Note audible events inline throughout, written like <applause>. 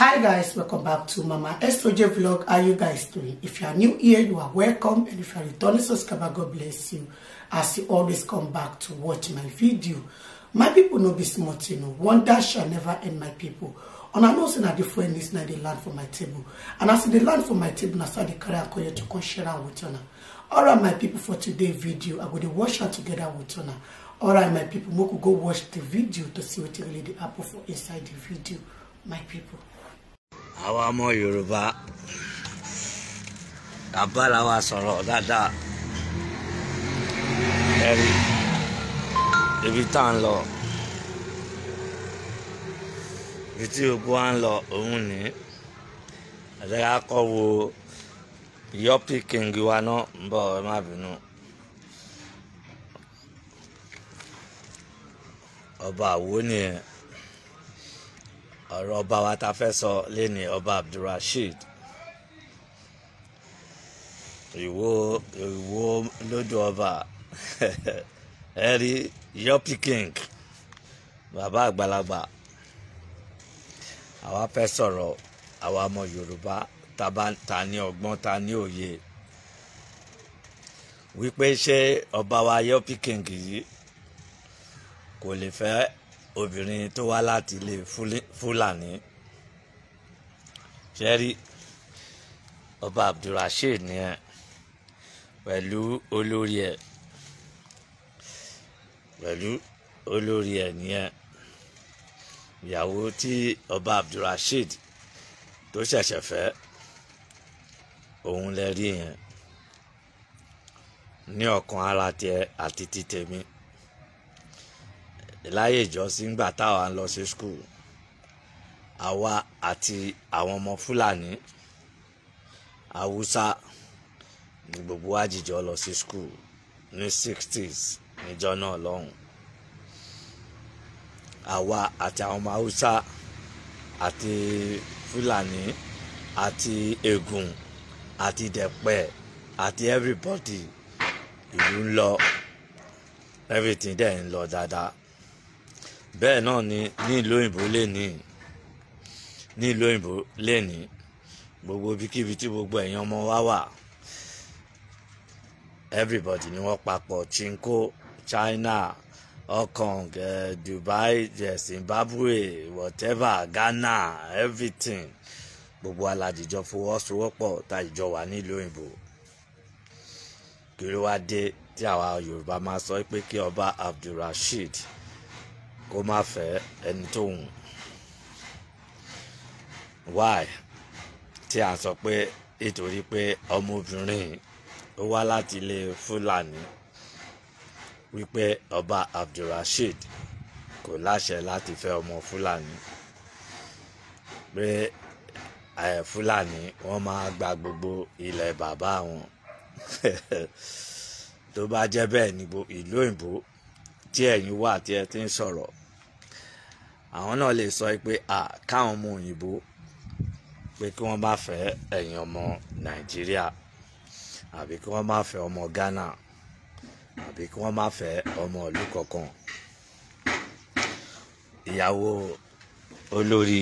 hi guys welcome back to mama soj vlog how you guys doing if you are new here you are welcome and if you are returning subscriber god bless you as you always come back to watch my video my people know be small you know wonder shall never end my people and i know say na different news na dey land for my table and as e dey land for my table na so carry am come to come share am with una all right my people for today's video i go dey watch am together with una all right my people make we go watch the video to see wetin really dey happen for inside the video my people àwa ọmọ yorùbá àbára wa sọ̀rọ̀ dáadáa ẹ̀rí ibi tá à ibi tí gbogbo wa ń lọ òun ní àdéhà kọ́ wo na kìngì wa náà ń bọ̀ ẹ ọba àwo ọ̀rọ̀ ọba wa ta fẹ́ sọ lẹ́ni ọba Abdulrasheed ìwo ìwo lójú ọba <laughs> ẹ̀rí yọpì king bàbá àgbàlagbà àwa fẹ́ sọ̀rọ̀ àwa ọmọ Yorùbá ta ní ọgbọ́n ta ní òye wípé ṣé ọba wa yọpì king yìí kò lè fẹ́ obìnrin tó wá láti ilé fúlàní ṣẹ́rí ọba abdulrasheed ni ẹ pẹ̀lú olórí ẹ pẹ̀lú olórí ẹ ni ẹ ìyàwó tí ọba abdulrasheed tó ṣẹ̀ṣẹ̀ fẹ́ òun lẹ rí yẹn ní ọkàn ara tiẹ̀ àti ti tèmi láyé ìjọsìn gbà táwa ń lọ sí skul àwa àti àwọn ọmọ fúlàní haúsá ni gbogbo wa jìjọ lọ sí skul ní sixties níjọ náà lọ́hùn àwa àti àwọn ọmọ haúsá àti fúlàní àti ègùn àti dẹ̀pẹ̀ àti everybody ìlú ń lọ everything dẹ̀ ń lọ dáadáa bẹ́ẹ̀ náà ni ní ìlú òyìnbó lẹ́ni ní ìlú òyìnbó lẹ́ni gbogbo ibikíbi tí gbogbo ẹ̀yin ọmọ wa wà everybody ni wọ́n papọ̀ chinko China Hong Kong uh, Dubai eh, Zimbabwe whatever Ghana everything gbogbo aládìjọ fọwọ́sowọ́pọ̀ tájìjọ wà nílùú òyìnbó kí ló wá dé tí àwa Yorùbá máa sọ pé kí ọba Abdulrasheed kó má fẹ́ ẹni why tí a sọ pé nítorí pé ọmọbìnrin ó wá láti ilé fúlàní wípé ọba abdulrasheed kò láṣẹ láti fẹ́ ọmọ Fulani, pé fúlàní wọ́n máa gba gbogbo ilẹ̀ bàbá wọn <laughs> tó bá jẹ́ bẹ́ẹ̀ ni ìlú òyìnbó tí ẹ̀yin wà tí ẹ ti ń sọ̀rọ̀ àwọn náà lè sọ pé à káwọn ọmọ òyìnbó pé kí wọ́n bá fẹ́ ẹ̀yin ọmọ nàìjíríà àbí kí wọ́n má fẹ́ ọmọ ghana àbí kí wọ́n má fẹ́ ọmọ ìlú kankan ìyàwó olórí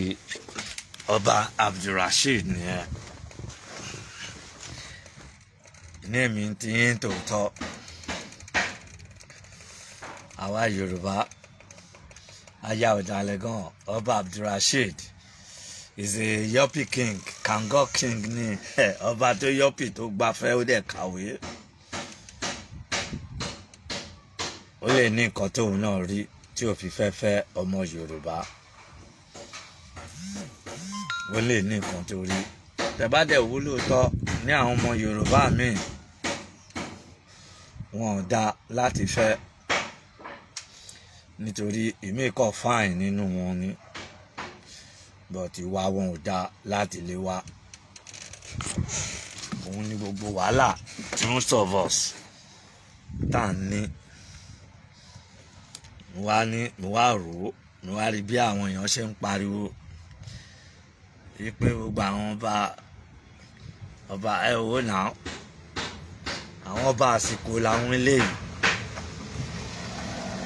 ọba abdulrasheed nìyẹn ní èmi ti yín tòótọ́ àwa yorùbá aya ọ̀dàlẹ̀gàn ọba abdulrasheed is a yọpi king kango king ni <laughs> ọba tó yọpi tó gbafẹ́ ó dẹ̀ kàwé ó lè ní nǹkan tóun náà rí tí ò fi fẹ́ fẹ́ ọmọ yorùbá ó lè ní nǹkan tó rí tẹ̀bá wúlò tọ́ ní àwọn ọmọ yorùbá míì wọn ò dá láti fẹ́ nítorí èmi kọ́ fáìn nínú wọn ni but ìwà wọn ò dáa láti lè wá òun ni gbogbo wàhálà tí most of us tá à ń ní mo wá ní mo wá rò ó mo wá rí bí àwọn èèyàn ṣe ń pariwo wípé gbogbo àwọn ọba ọba ẹ owó náà àwọn ọba àsìkò làwọn eléyìí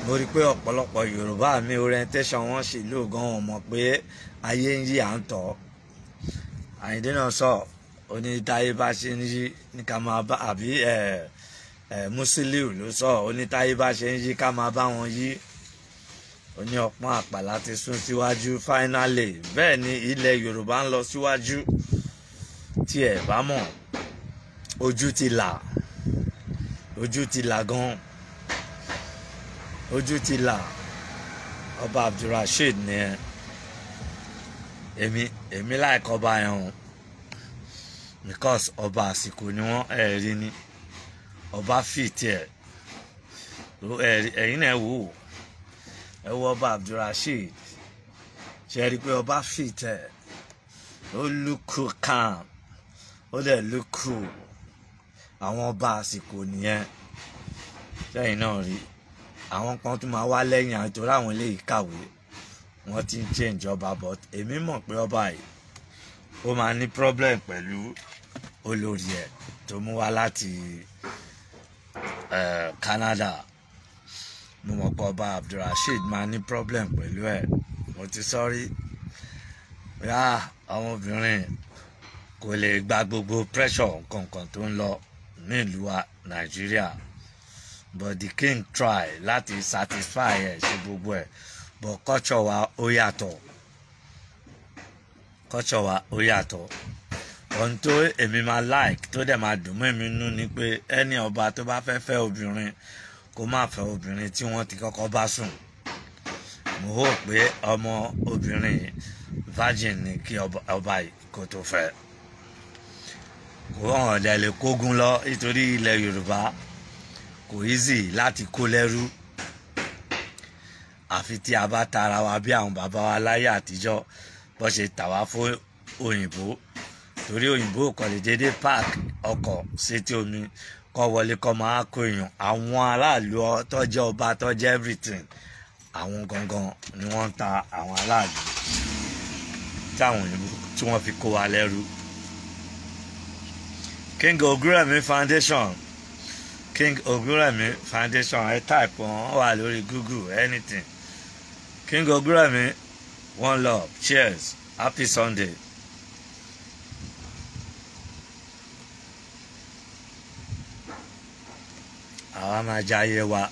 mo rí i pé ọ̀pọ̀lọpọ̀ yorùbá mi orientation wọn sì lò gan wọn mọ̀ pé ayé ń yí à ń tọ̀ àyíndé náà sọ onítáyé bá ṣe ń yí ní ká máa bá àbí ẹ ẹ Musiliu ló sọ onítáyé bá ṣe ń yí ká máa bá wọn yí oní ọpọ́n àpàlà ti sún síwájú finally bẹ́ẹ̀ ni ilẹ̀ yorùbá ń lọ síwájú tí ẹ bá mọ̀ ojú ti là ojú ti là gan-an ojú ti là ọba Abdulrasheed ni ẹ èmi èmi láìka ọba yẹn o because ọba àsìkò ni wọ́n ẹ rí ni ọba fìtì ẹ ẹ̀yin náà wò ó ẹ wò ọba Abdulrasheed ṣe rí i pé ọba fìtì ẹ ó lùkù kàn ó dẹ̀ lùkù àwọn ọba àsìkò nìyẹn lẹ́yìn náà rí i àwọn kan tún máa wá lẹ́yìn àjọ láwọn ilé ìkàwé wọ́n ti ń change ọba but èmi mọ̀ pé ọba yìí ó máa ní problem pẹ̀lú olórí ẹ̀ tó mú wá láti eh, Canada mo mọ̀ pé ọba Abdulrasheed máa ní problem pẹ̀lú ẹ̀ mo ti sọ́rí yá àwọn obìnrin kò lè gba gbogbo pressure nǹkan kan tó ń lọ nílùú Nàìjíríà but the king try láti satisfy ẹ̀ ṣe gbogbo ẹ̀ but culture wa ó yàtọ̀ culture wa ó yàtọ̀ ohun tó èmi máa like tó dẹ̀ máa dùn mọ́ èmi nú ni pé ẹni ọba tó bá fẹ́ fẹ́ obìnrin kó má fẹ́ obìnrin tí wọ́n ti kọ́kọ́ bá sùn mo hó pé ọmọ obìnrin virgin ni kí ọba kò tó fẹ́ kò hàn ọ̀dẹ̀ lè kógun lọ nítorí ilẹ̀ Yorùbá kò easy láti kó lẹ́rú àfi tí a bá tara wa bí àwọn bàbá wa láyé àtijọ́ bó ṣe tà wá fún òyìnbó torí òyìnbó kò lè dédé park ọkọ̀ sétí omi kọ́ wọlé kọ́ máa kó èèyàn àwọn aráàlú tọ́jẹ́ ọba tọ́jẹ́ everything àwọn gangan ni wọ́n ń ta àwọn aráàlú táwọn òyìnbó tí wọ́n fi kó wa lẹ́rú. King Oguremi Foundation King Ogúnrẹ̀mí foundation ẹ type wọn wà lórí Google anything King Ogúnrẹ̀mí one love cheers happy Sunday. àwa máa jayé wa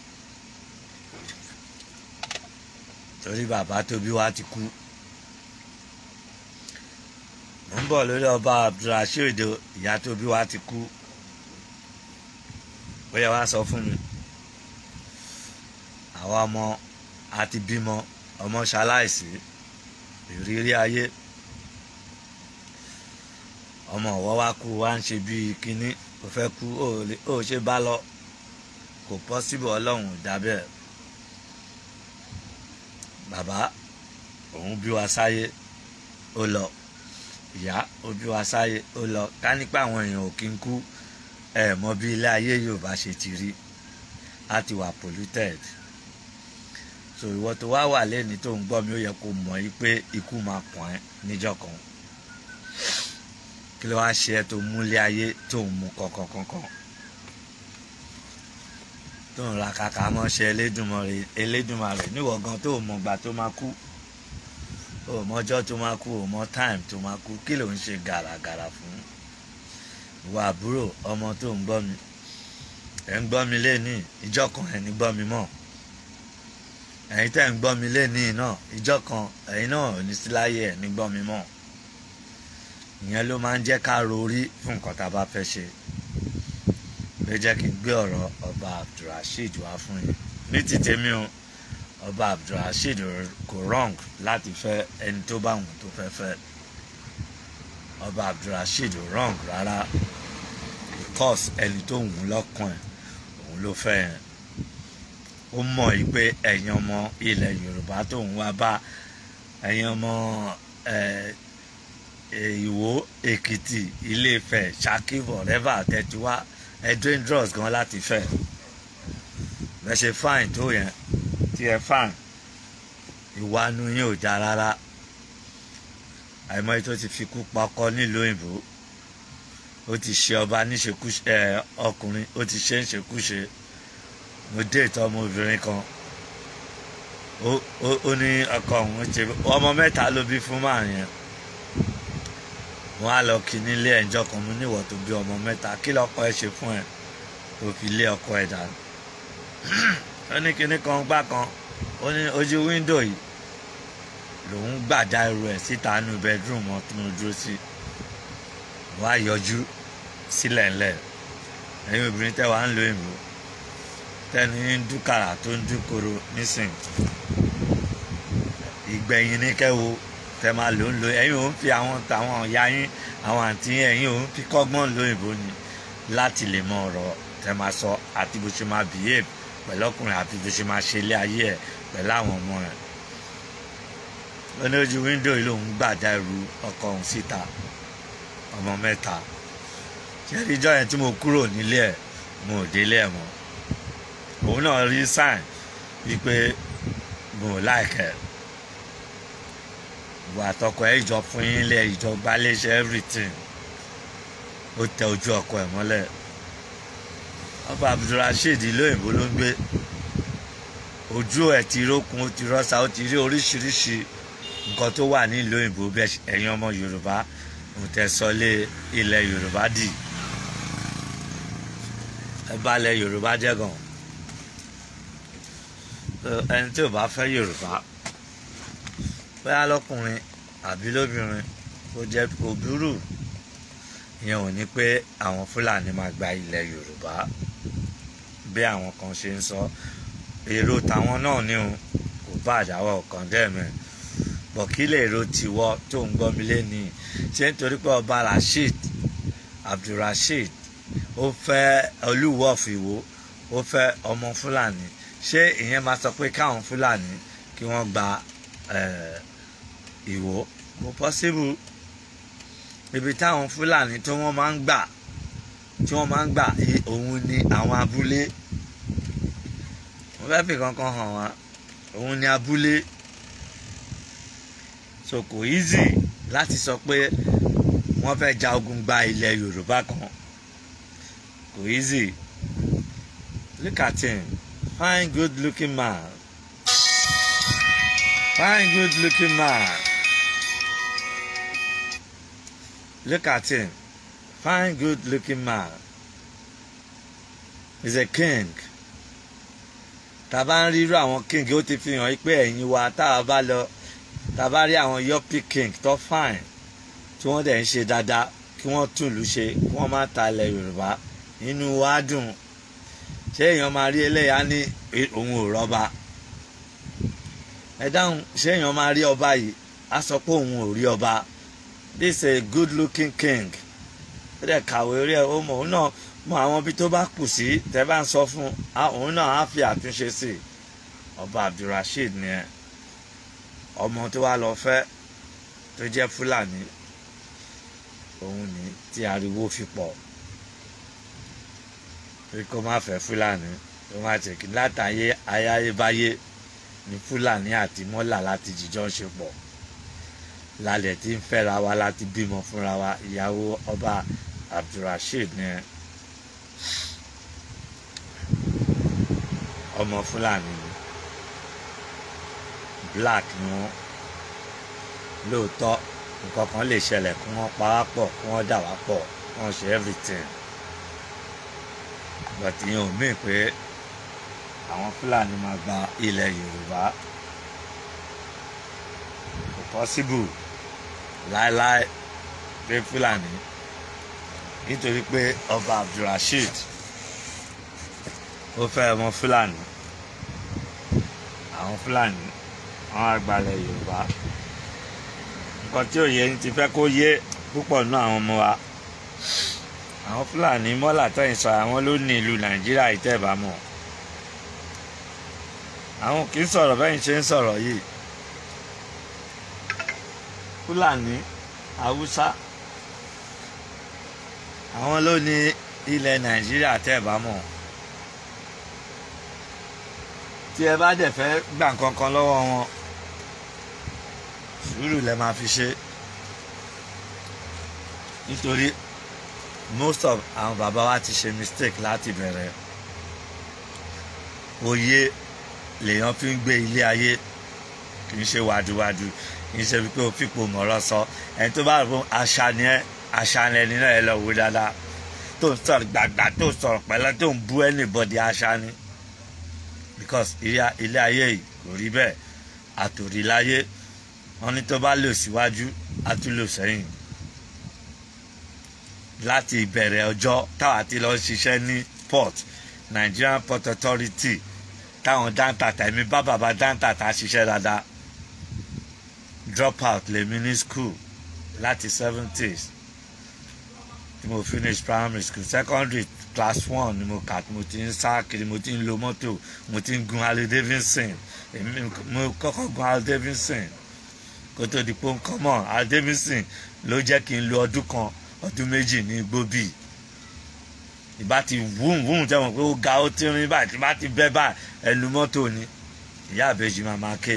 torí bàbá tó bí wa ti kú mo ń bọ̀ lórí ọba Abdulrasheed ìyá tó bí wa ti kú bóyá wàá sọ fún mi àwa ọmọ àti bímọ ọmọ ṣaláìsí ìrírí ayé ọmọ ọwọ́ wa kú wa ń ṣe bíi kínní kò fẹ́ kú ó ṣe bá lọ kò pọ́síbù ọlọ́run dábẹ́ bàbá òun bí wa sáyé ó lọ ìyá ó bí wa sáyé ó lọ ká nípa àwọn èèyàn ò kí ń kú ẹ mọ bí ilé ayé yorùbá ṣe ti rí a ti wà polluted so ìwọ tó wá wà lẹ́ni tó ń gbọ́ mi ó yẹ kó mọ̀ yí pé ikú máa pọ̀n ẹ́ níjọ́ kan kí ló wá ṣe ẹ́ tó múlé ayé tó ń mu kọ̀kọ̀kọ̀kọ̀ tó ń ra kàkà mọ́ ṣe Elédùmarè Elédùmarè níwọ̀ gan tó mọ̀ gbà tó máa kú ó mọjọ́ tó máa kú ó mọ time tó máa kú kí ló ń ṣe gàràgàrà fún ìwà àbúrò ọmọ tó ń gbọ́ mi ẹ̀ ń gbọ́ mi lẹ́ni ìjọ kan ẹ̀ ní gbọ́ mi mọ́ ẹ̀yin tẹ́ ń gbọ́ mi lẹ́ni náà ìjọ kan ẹ̀yin náà ò ní sí láyé ẹ̀ ní gbọ́ mi mọ́ ìyẹn ló máa ń jẹ́ ká rorí fún nǹkan tá a bá fẹ́ ṣe ló jẹ́ kí n gbé ọ̀rọ̀ ọba Abdulrasheed wá fún yín ní ti tèmi o ọba Abdulrasheed kò wrong láti fẹ́ ẹni tó bá wù tó fẹ́ fẹ́ ọba Abdulrasheed wrong rárá course ẹni tó wù ú lọ́kàn ẹ̀ òun ló fẹ́ ẹ̀ ó mọ̀ yìí pé ẹ̀yin ọmọ ilẹ̀ Yorùbá tó ń wá bá ẹ̀yin ọmọ Ìwó Èkìtì Ilé-Ifẹ̀ Ṣakí bọ̀rẹ́bà tẹ̀tùwá edwin dross gan láti fẹ́ bẹ́ẹ̀ ṣe fine tó yẹn tí ẹ fine ìwà nu yín ò já rárá àìmọye tó ti fi kú pakọ nílùú òyìnbó ó ti ṣe ọba níṣekúṣe ẹ ọkùnrin ó ti ṣe ń mo dé ìtọ́ ọmọbìnrin kan ó ní ọkọ òun ṣe ọmọ mẹ́ta ló bí fún màá yẹn wọ́n á lọ kí nílé ẹjọ́ kan mú níwọ tó bí ọmọ mẹ́ta kí lọkọ ẹ ṣe fún ẹ tó fi lé ọkọ ẹ dànù ó ní kinní kan gbá kan ó ní ojú wíńdò yìí lòun gbàdá irú ẹ síta nínú bẹẹdúrúmù ọtún ojú sí wàá yọjú sílẹ̀ ńlẹ̀ ẹ̀yin obìnrin tẹ́ wà ń lo ìrù tẹ́ni ń dúkàrà tó ń dúkoro nísìn ìgbẹ̀yìn ní kẹ́wo tẹ́ máa lò ń lo ẹ̀yin ò ń fi àwọn tàwọn ọ̀ya yín àwọn àǹtí ẹ̀yin ò ń fi kọ́gbọ́n lo ìbò ni láti lè mọ ọ̀rọ̀ tẹ́ máa sọ àti bó ṣe máa behave pẹ̀lú ọkùnrin àti bó ṣe máa ṣe ilé ayé ẹ̀ pẹ̀lú àwọn ọmọ rẹ̀ ó ní ojú wíńdò yìí lòun gbàdá ẹrù ọkọ òun síta ọmọ mẹ́ta ṣẹ́ni ìjọ yẹn tí mo kúrò nílé ẹ̀ mo ò délé ẹ̀ mọ́ òun náà rí sign wípé mo ò láìkẹ́ ìwà àtọkọ ẹ̀ ìjọ fún yín lẹ̀ ìjọ gbáléṣẹ́ everything ó tẹ ojú ọkọ ẹ̀ mọ́lẹ̀ ọba Abdulrasheed ìlú òyìnbó ló ń gbé ojú ẹ̀ ti rókun ó ti rọ́ṣà ó ti rí oríṣiríṣi nǹkan tó wà nílùú òyìnbó bẹ́ẹ̀ ẹ̀yin ọmọ Yorùbá òtẹ̀sọ́lé ilẹ̀ Yorùbá dì í ẹ balẹ̀ yorùbá jẹ́ gan ẹni tí ò bá fẹ́ yorùbá bóyá lọ́kùnrin àbí lóbìnrin ó jẹ́ òbúrú ìyẹn ò ní pé àwọn fúlàní máa gba ilẹ̀ yorùbá bí àwọn kan ṣe ń sọ èrò tàwọn náà ní o kò bá àdáwọ̀ kan dẹ́ẹ̀mẹ̀ bọ̀ kí lè èrò tiwọ́ tó ń gbọ́ mi lé ní ṣé nítorí pé ọba rasheed abdulrasheed ó fẹ́ Olúwo of Ìwó ó fẹ́ ọmọ Fúlàní ṣé ìyẹn máa sọ pé káwọn Fúlàní kí wọ́n gba Ìwó kò pọ́síbù ibi táwọn Fúlàní tí wọ́n máa ń gbà tí wọ́n máa ń gbà òun ni àwọn abúlé mo fẹ́ fi kankan hàn wá òun ni abúlé so kò easy láti sọ pé wọ́n fẹ́ ja ogun gba ilẹ̀ Yorùbá kan Kò easy. Look at him. Fine, good looking man. Fine, good looking man. Look at him. Fine, good looking man. He's a king. Tá a bá king ó ti fi hàn pé ẹ̀yin wa tá a bá lọ tá a king tó fine tí wọ́n dẹ̀ ń ṣe dáadáa kí wọ́n tún ìlú ṣe kí wọ́n má ta ilẹ̀ Yorùbá inú wa dùn ṣé èèyàn máa rí ẹlẹ́yà ní òun ò rọ́ba ẹ dáhùn ṣé èèyàn máa rí ọba yìí á sọ pé òun ò rí ọba this a good looking king ó dẹ̀ kàwé rí ẹ̀ ó mọ̀ òun náà mọ àwọn ibi tó bá kù sí tẹ́ bá ń sọ fún òun náà á fi àtúnṣe sí ọba Abdulrasheed ni ẹ ọmọ tó wá lọ fẹ́ tó jẹ́ Fúlàní òun ni tí ariwo fi pọ̀ kó má fẹ́ fúlàní kó má jẹ́ kí látàyé ayáyébáyé ni fúlàní àti mọ́là láti jíjọ́ ṣe pọ̀ lálẹ́ tí ń fẹ́ra wa láti bímọ fúnra wa ìyàwó ọba abdulrasheed ni ọmọ fúlàní ni black ni wọn lóòótọ́ nǹkan kan lè ṣẹlẹ̀ kí wọ́n pa wá pọ̀ kí wọ́n dà wá pọ̀ kí wọ́n ṣe everything bàtí yẹn ò mí pé àwọn fúlàní máa gba ilẹ̀ yorùbá kò pọ́síbù láéláé pé fúlàní nítorí pé ọba abdulrasheed ó fẹ́ ọmọ fúlàní àwọn fúlàní wọn á gbalẹ̀ yorùbá nǹkan tí òye ti fẹ́ kó yé púpọ̀ nínú àwọn ọmọ wa àwọn fúlàní mọ́là tẹ̀sán àwọn ló ní ìlú nàìjíríà ìtẹ̀bámọ̀ àwọn kì í sọ̀rọ̀ bẹ́ẹ̀ ṣe ń sọ̀rọ̀ yìí fúlàní haúsá àwọn ló ní ilẹ̀ nàìjíríà tẹ̀bámọ̀ tí ẹ bá dẹ̀ fẹ́ gbà kankan lọ́wọ́ wọn sùúrù lẹ máa fi ṣe nítorí most of àwọn bàbá wa ti ṣe mistake láti bẹ̀rẹ̀ òye lèèyàn fi ń gbé ilé ayé kì í ṣe wàdùwàdù kì í ṣe wípé o fipò mọ̀rọ̀ sọ ẹni tó bá rò fún àṣà ni ẹ àṣà ni ẹni náà ẹ lọ wò dáadáa tó ń sọ̀rọ̀ gbàgbà tó ń sọ̀rọ̀ pẹ̀lẹ́ tó ń bú anybody àṣà ni because ilé ayé yìí kò rí bẹ́ẹ̀ àtòrí láyé wọn ní tó bá lò síwájú á tún lò sẹ́yìn láti ìbẹ̀rẹ̀ ọjọ́ táwa ti lọ ṣiṣẹ́ ní port Nigerian Port Authority táwọn dáńtàtà èmi bá bàbá dáńtàtà ṣiṣẹ́ dáadáa drop out lèmi ní school láti seventies tí mo finish primary school secondary class one ni mo kà tí mo ti ń sá kiri mo ti ń lo mọ́tò mo ti ń gun Harley Davidson èmi mo kọ́kọ́ gun Harley Davidson kó tó di pé Harley Davidson ló jẹ́ kí n lo ọdún kan ọdún méjì ní gbóbì ìbá ti wúùn wúùn tẹ̀wọ̀n pé ó ga ó tírín báyìí tí bá ti bẹ́ báyìí ẹnu mọ́tò ni ìyá àbèjì máa máa ké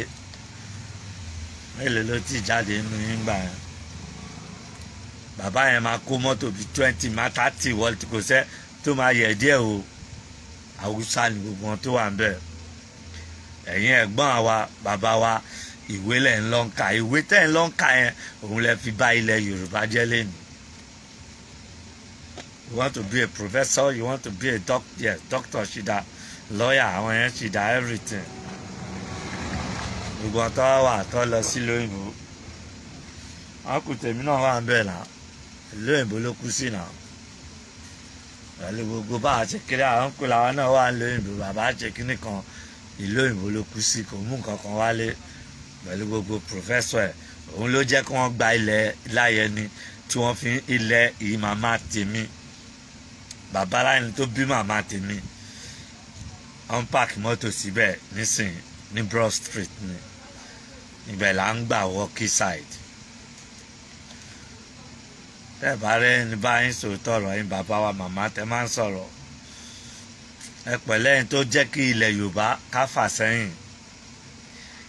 mélòó ló ti jáde nínú yín gbà yẹn bàbá yẹn máa kó mọ́tò bíi twenty máa thirty wọ́ọ̀tì kò sẹ́ tó máa yẹ díẹ̀ o haúsá ni gbogbo wọn tó wà ń bẹ̀ ẹ̀yin ẹ̀gbọ́n àwa bàbá wa ìwé lẹ̀ ń lọ́ǹkà ìwé tẹ̀ ń lọ́ǹkà yẹn òun lẹ fi bà ilẹ̀ Yorùbá jẹ́ lẹ́nu you want to be a professor you want to be a doc yeah, doctor that lawyer àwọn yẹn ṣìdá everything gbogbo àtọ́ wà tọ́ lọ sí lóyìnbó akùtẹ̀mí náà wà ń bẹ̀ náà lóyìnbó ló kú sí náà pẹ̀lú gbogbo bá a ṣe kéré àwọn kò làwọn náà wà ń lóyìnbó bàbá ṣe kíní kan ìlú òyìnbó ló kú sí kò mú nǹkan kan wálé pẹ̀lú gbogbo pòfẹ́sọ̀ ẹ̀ òun ló jẹ́ kí wọ́n gba ilẹ̀ láyẹni tí wọ́n fi ilẹ̀ ìmàmá tèmi bàbá láyìn tó bí màmá tèmi on park mọ́tò síbẹ̀ nísìnyí ní Broad Street ni ibẹ̀ là ń gbà wọ́kì side tẹ́ bá rẹ́ ní báyìí sòótọ́ ọ̀rọ̀ yín bàbá wa màmá tẹ́ máa ń sọ̀rọ̀ ẹ pẹ̀lẹ́ yín tó jẹ́ kí ilẹ̀ Yorùbá ká fà sẹ́yìn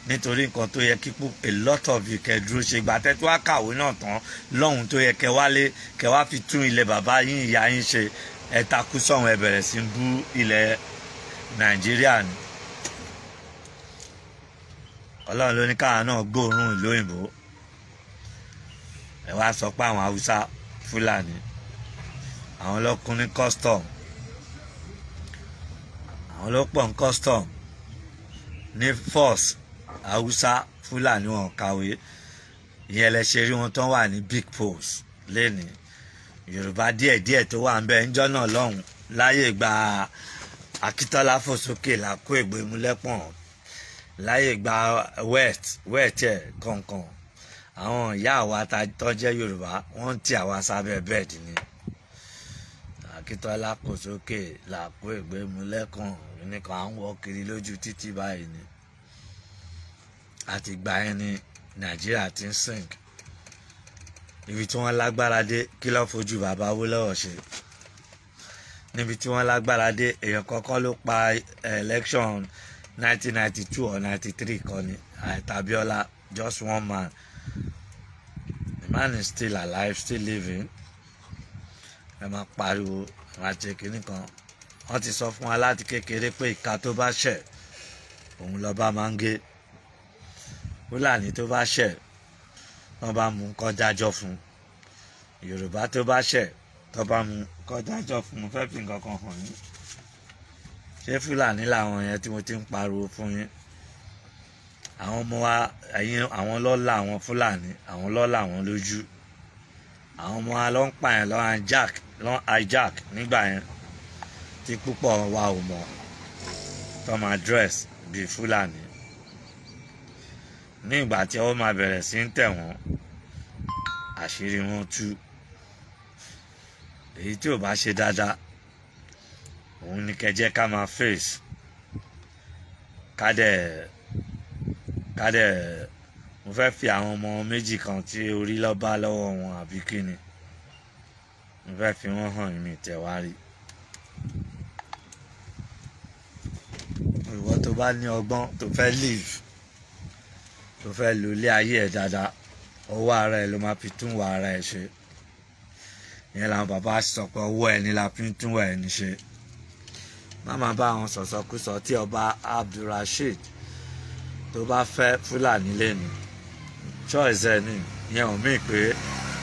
nítorí nǹkan tó yẹ kí pú a lot of you kẹ dúró ṣe gbà tẹ́tí wá kàwé náà tán lọ́hùn tó yẹ kẹ wá lé kẹ wá fi tún ilẹ̀ bàbá yín ìyá yín ṣe ẹ takú sọ̀hún ẹ bẹ̀rẹ̀ sí ń bú ilẹ̀ nàìjíríà ni ọlọ́run ló ní káwa náà gbóòórùn ìlú òyìnbó ẹ wá sọ pé àwọn haúsá fúlàní àwọn ló kún ní custom àwọn ló ní custom ní force haúsá fúlàní wọn kàwé ìyẹn lẹ rí wọn tán wà ní big post lẹ́nìí yorùbá díẹ̀díẹ̀ tó wà ń bẹ ńjọ́ náà lọ́hùn láyé gba akíntọ́lá fòsókè làkó ègbò ìmúlẹ́pọ̀n láyé gba west west ẹ̀ kọ̀ọ̀kan àwọn ìyá àwa tó jẹ́ yorùbá wọ́n ń ti àwa sábẹ́ bẹ́ẹ̀dì ni akíntọ́lá fòsókè làkó ègbò ìmúlẹ́kàn nìkan à ń wọ kiri lójú títí báyìí ni àtìgbà yẹn ni nàìjíríà ti ń sìnkì níbi tí wọ́n lágbára dé kí ló fojú bàbá Awólọ́wọ̀ ṣe níbi tí wọ́n lágbára dé èèyàn kọ́kọ́ ló pa eh, election 1992 or 93 kan ni àìtàbíọ́lá just one man the man is still alive still living ẹ máa pariwo ẹ máa ṣe kinní kan wọ́n ti sọ fún wa láti kékeré pé ìka tó bá ṣẹ̀ òun lọ́ba máa ń gé fúlàní tó bá ṣẹ̀ wọ́n bá mú kó dájọ́ fún yorùbá tó bá ṣẹ̀ tó bá mú kó dájọ́ fún mo fẹ́ fi nǹkan kan hàn yín ṣé fúlàní làwọn yẹn tí mo ti ń pariwo fún yín àwọn ọmọ wa ẹ̀yin àwọn lọ́la àwọn fúlàní àwọn lọ́la àwọn lójú àwọn ọmọ wa ló ń pààyàn ló ń hijack nígbà yẹn tí púpọ̀ wa ò mọ̀ tó máa dress bíi fúlàní ní ìgbà tí ọwọ́ máa bẹ̀rẹ̀ sí ń tẹ̀ wọ́n àṣírí wọn tú èyí tí ò bá ṣe dáadáa òun ni kẹjẹ ká máa face ká dẹ̀ ká dẹ̀ mo fẹ́ fi àwọn ọmọ méjì kan tí orí lọ bá lọ́wọ́ wọn àbí kíni mo fẹ́ fi wọ́n hàn mí tẹ̀wárí. ìwọ tó bá ní ọgbọ́n tó fẹ́ leave tó fẹ́ lu ilé ayé ẹ̀ dáadáa owó ara ẹ̀ ló máa fi tún wà ara ẹ̀ ṣe ìyẹn làwọn bàbá sọ pé owó ẹni la fi ń tún wà ẹni ṣe máma bá àwọn sọ̀sọ̀kúsọ tí ọba Abdulrasheed tó bá fẹ́ Fúlàní lẹ́nu choice ẹ̀ ni ìyẹn ò míì pé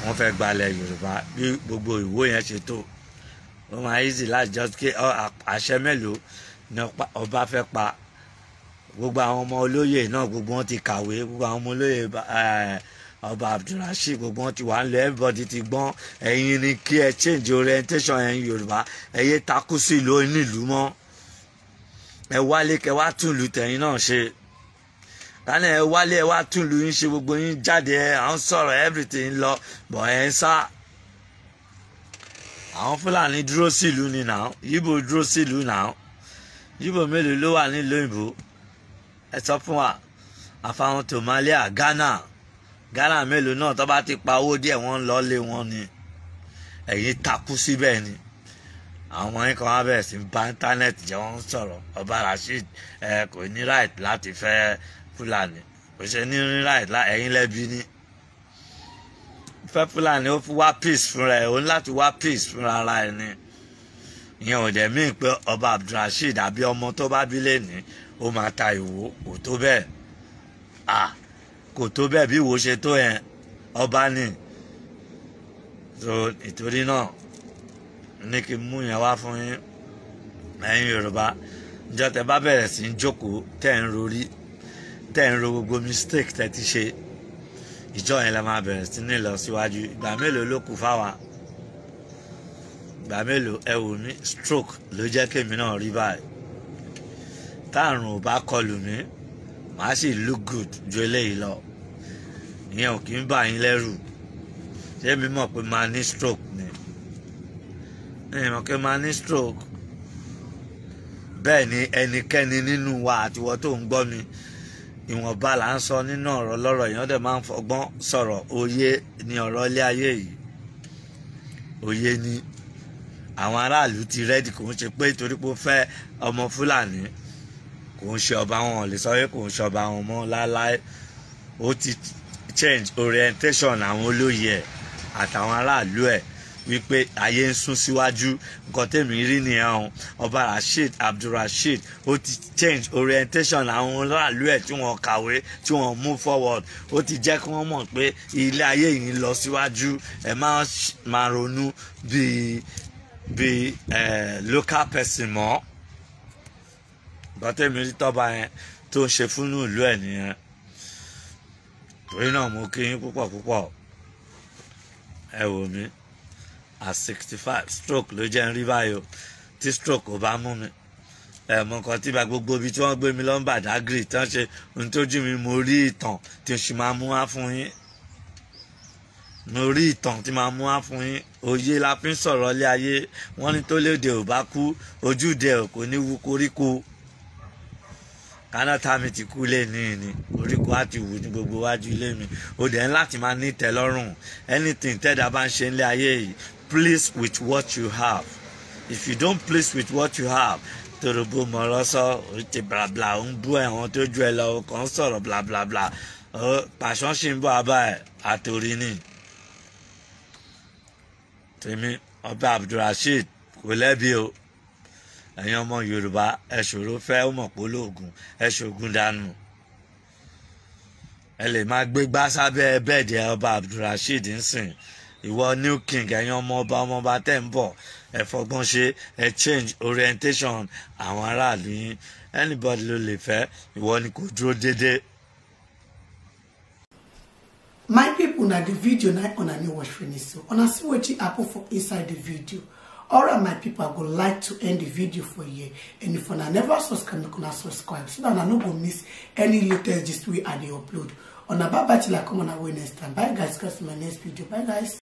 wọ́n fẹ́ gbalẹ̀ Yorùbá bí gbogbo ìwó yẹn ṣe tó ó máa easy láti just kí àṣẹ mélòó ni ọba fẹ́ pa gbogbo àwọn ọmọ olóyè náà gbogbo wọn ti kàwé gbogbo àwọn ọmọ olóyè eh, ọba abdulrasheed gbogbo wọn ti wà ń everybody ti gbọ́n ẹ̀yin ni kí ẹ change orientation ẹ̀yin yorùbá ẹ yé takú sí ìlú onílùú mọ́ ẹ wálé kẹ wá tún ìlú tẹ̀yin náà ṣe tani ẹ wálé ẹ wá tún ìlú yín ṣe gbogbo yín jáde ẹ à ń sọ̀rọ̀ everything lọ bọ̀ ẹ ń sá àwọn fúlàní dúró sílùú ni náà yíbo dúró sílùú náà yíbo mélòó ló wà nílùú òyìnbó ẹ sọ fún wa àfahàn Somalia Ghana Ghana mélòó náà tó bá ti pa owó díẹ̀ wọ́n ń lọ lé wọn ni ẹ̀yin takú síbẹ̀ ni àwọn yín kan wá bẹ̀rẹ̀ sí bá íńtánẹ́ẹ̀tì jẹ́ wọ́n ń sọ̀rọ̀ ọba Rasheed ẹ kò ní right láti fẹ́ Fúlàní kò ṣe ní right ẹ̀yin lẹ́bi ni fẹ́ Fúlàní ó fi wá peace fúnra ẹ̀ ó ní láti wá peace fúnra ara ẹ̀ ni ìyẹn ò dẹ̀ mí pé ọba Abdulrasheed àbí ọmọ tó bá bí lè ní ó máa ta ìwò kò tó bẹ́ẹ̀ à kò tó bẹ́ẹ̀ bí ìwò ṣe tó yẹn ọba ni so ìtorí náà ní kí n mú yẹn wá fún yín ẹ̀yin Yorùbá ǹjọ́ tẹ bá bẹ̀rẹ̀ sí ń jókòó tẹ̀ ń rorí tẹ̀ ń ro gbogbo mistake tẹ ti ṣe ìjọ yẹn la máa bẹ̀rẹ̀ sí ní ìlọsíwájú ìgbà mélòó ló kù fáwa ìgbà mélòó ẹ wò mí stroke ló jẹ́ kémi náà rí báyìí táàrùn ò bá kọlù mí màá sì look good ju eléyìí lọ ìyẹn ò kí ń bà yín lẹ́rù ṣé mi mọ̀ pé máa ní stroke ni ẹ̀yìn mọ̀ pé máa ní stroke bẹ́ẹ̀ ni ẹnikẹ́ni nínú wa àtiwọ́ tó ń gbọ́ mi ìwọ̀nba là ń sọ nínú ọ̀rọ̀ lọ́rọ̀ èèyàn dẹ̀ máa ń fọgbọ́n sọ̀rọ̀ òye ni ọ̀rọ̀ ilé ayé yìí òye ni àwọn aráàlú ti rẹ́dì kò ń ṣe pé torí pé ó fẹ́ ọmọ fúlàní kò ń ṣe ọba wọn lè sọ pé kò ń ṣe ọba wọn mọ́ láéláé ó ti change orientation àwọn olóyè ẹ̀ àtàwọn aráàlú ẹ̀ wípé ayé ń sún síwájú nǹkan tèmi rí nìyẹn o ọba rasheed abdulrasheed ó ti change orientation àwọn aráàlú ẹ̀ tí wọ́n kàwé tí wọ́n move forward ó ti jẹ́ kí wọ́n mọ̀ pé ilé ayé yìí ń lọ síwájú ẹ máa ronú bíi bíi local person mọ́ gbọ́tẹ́mi rí tọ́ba yẹn tó ń ṣe fún ìlú ẹ̀ nìyẹn torí náà mo kí yín púpọ̀ púpọ̀ ẹ wò mí at sixty five stroke ló jẹ́ ń rí báyìí o tí stroke ò bá mú mi ẹ mọ nǹkan tí bá gbogbo ibi tí wọ́n gbé mi lọ́nbà dágìrì tí wọ́n ṣe ohun tójú mi mo rí ìtàn tí oṣù máa mú wá fún yín mo rí ìtàn tí máa mú wá fún yín òye la fi ń sọ̀rọ̀ ilé ayé wọ́n ní tó léde ò bá kú ojúde ò kò ní wú koríko kánáta mi ti kú lẹ́ni ni oríkó á ti wù ní gbogbo wájú ilé mi ó dẹ̀ ń láti máa ní ìtẹ́lọ́rùn anything tẹ́dá bá ń ṣe nílé ayé yìí please with what you have if you don't please with what you have torobo mọ̀rọ́sọ́ oríṣi blabla ó ń bú ẹ̀wọ̀n tó ju ẹ lọ kàn ń sọ̀rọ̀ blablabla pàṣán ṣì ń bọ̀ abá ẹ̀ àtòrí ni tèmi ọba Abdulrasheed kò lẹ́bi o ẹ̀yin ọmọ yorùbá ẹ ṣòro fẹ́ ó mọ̀ ẹ ṣògùn dànù ẹ lè máa gbé gbá sábẹ́ bẹ́ẹ̀dì ọba abdulrasheed nsìn ìwọ new king ẹ̀yin ọmọ ọba ọmọọba tẹ̀ ń bọ̀ ẹ fọgbọ́n ṣe ẹ change orientation àwọn aráàlú yín anybody ló lè fẹ́ ìwọ ni kò dúró déédéé. my people, na the video na una new watch finish so una see wetin happen for inside the video all right my people i would like to end the video for you. and if una never subscribe make una subscribe so that una don't miss any latest gist we i the upload On a bye bye till i come una way next time bye guys catch you my next video bye guys